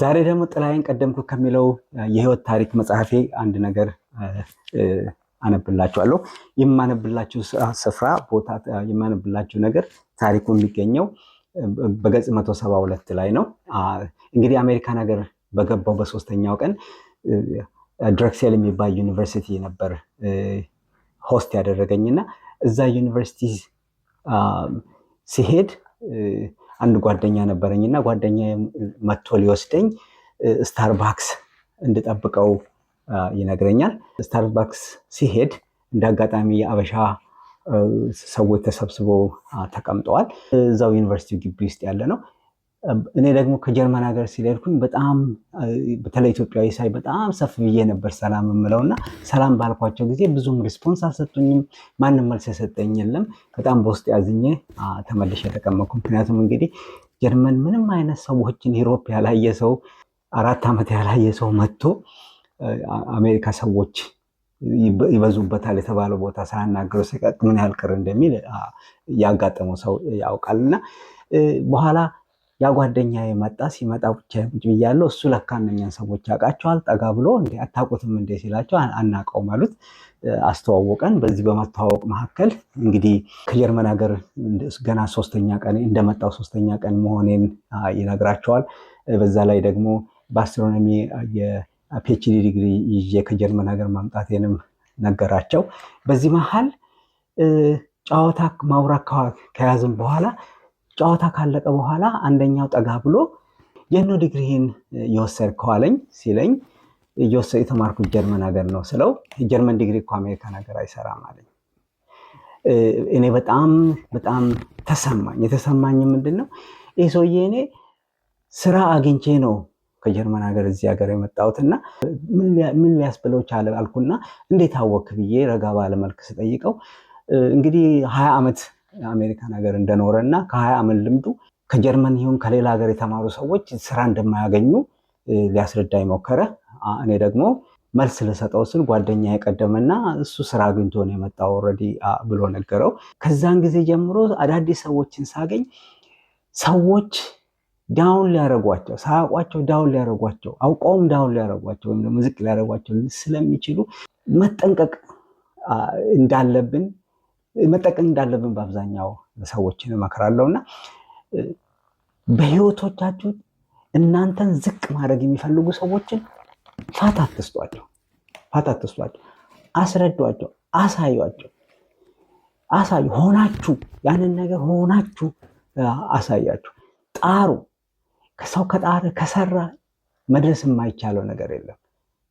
ዛሬ ደግሞ ጥላዬን ቀደምኩ ከሚለው የህይወት ታሪክ መጽሐፌ አንድ ነገር አነብላችኋለሁ። የማነብላችሁ ስፍራ ቦታ የማነብላችሁ ነገር ታሪኩ የሚገኘው በገጽ መቶ ሰባ ሁለት ላይ ነው። እንግዲህ አሜሪካን ሀገር በገባው በሶስተኛው ቀን ድረክሴል የሚባል ዩኒቨርሲቲ ነበር ሆስት ያደረገኝና እዛ ዩኒቨርሲቲ ሲሄድ አንድ ጓደኛ ነበረኝ እና ጓደኛ መጥቶ ሊወስደኝ ስታርባክስ እንድጠብቀው ይነግረኛል። ስታርባክስ ሲሄድ እንደ አጋጣሚ የአበሻ ሰዎች ተሰብስበው ተቀምጠዋል። እዛው ዩኒቨርሲቲ ግቢ ውስጥ ያለ ነው። እኔ ደግሞ ከጀርመን ሀገር ሲልሄድኩኝ በጣም በተለይ ኢትዮጵያዊ ሳይ በጣም ሰፍ ብዬ ነበር ሰላም የምለው እና ሰላም ባልኳቸው ጊዜ ብዙም ሪስፖንስ አልሰጡኝም። ማንም መልስ የሰጠኝ የለም። በጣም በውስጥ ያዝኜ ተመልሼ የተቀመኩ ምክንያቱም እንግዲህ ጀርመን ምንም አይነት ሰዎችን ዩሮፕ ያላየ ሰው አራት ዓመት ያላየ ሰው መጥቶ አሜሪካ ሰዎች ይበዙበታል የተባለው ቦታ ሳያናገረው ሲቀጥ ምን ያህል ቅር እንደሚል ያጋጠመው ሰው ያውቃል እና በኋላ ያ ጓደኛ የመጣ ሲመጣ ብቻ ቁጭ ብያለሁ። እሱ ለካ እነኛን ሰዎች ያውቃቸዋል። ጠጋ ብሎ እንዴ አታውቁትም እንደ ሲላቸው አናውቀውም አሉት። አስተዋወቀን። በዚህ በመተዋወቅ መካከል እንግዲህ ከጀርመን ሀገር ገና ሶስተኛ ቀን እንደመጣው ሶስተኛ ቀን መሆኔን ይነግራቸዋል። በዛ ላይ ደግሞ በአስትሮኖሚ የፒኤችዲ ዲግሪ ይዤ ከጀርመን ሀገር ማምጣቴንም ነገራቸው። በዚህ መሀል ጨዋታ ማውራት ከያዝም በኋላ ጨዋታ ካለቀ በኋላ አንደኛው ጠጋ ብሎ የኖ ዲግሪህን የወሰድከው አለኝ ሲለኝ የተማርኩት ጀርመን ሀገር ነው ስለው ጀርመን ዲግሪ እኮ አሜሪካን ሀገር አይሰራም አለኝ። እኔ በጣም በጣም ተሰማኝ። የተሰማኝ ምንድን ነው ይህ ሰውዬ እኔ ስራ አግኝቼ ነው ከጀርመን ሀገር እዚህ ሀገር የመጣሁት እና ምን ሊያስብለው ቻለ አልኩና እንዴት አወክ ብዬ ረጋ ባለመልክ ስጠይቀው እንግዲህ ሀያ ዓመት አሜሪካን ሀገር እንደኖረ እና ከሀያ ዓመት ልምዱ ከጀርመን ይሁን ከሌላ ሀገር የተማሩ ሰዎች ስራ እንደማያገኙ ሊያስረዳ ሞከረ እኔ ደግሞ መልስ ልሰጠው ስል ጓደኛ የቀደመና እሱ ስራ አግኝቶ ነው የመጣው ኦልሬዲ ብሎ ነገረው። ከዛን ጊዜ ጀምሮ አዳዲስ ሰዎችን ሳገኝ ሰዎች ዳውን ሊያደረጓቸው ሳያውቋቸው ዳውን ሊያደረጓቸው አውቀውም ዳውን ሊያደረጓቸው ወይም ደግሞ ዝቅ ሊያደረጓቸው ስለሚችሉ መጠንቀቅ እንዳለብን መጠቀም እንዳለብን በአብዛኛው ሰዎችን እመክራለሁ እና በህይወቶቻችሁ እናንተን ዝቅ ማድረግ የሚፈልጉ ሰዎችን ፋታ አትስጧቸው። ፋታ አትስጧቸው። አስረዷቸው፣ አሳዩቸው፣ አሳዩ ሆናችሁ ያንን ነገር ሆናችሁ አሳያችሁ። ጣሩ። ከሰው ከጣረ ከሰራ መድረስ የማይቻለው ነገር የለም።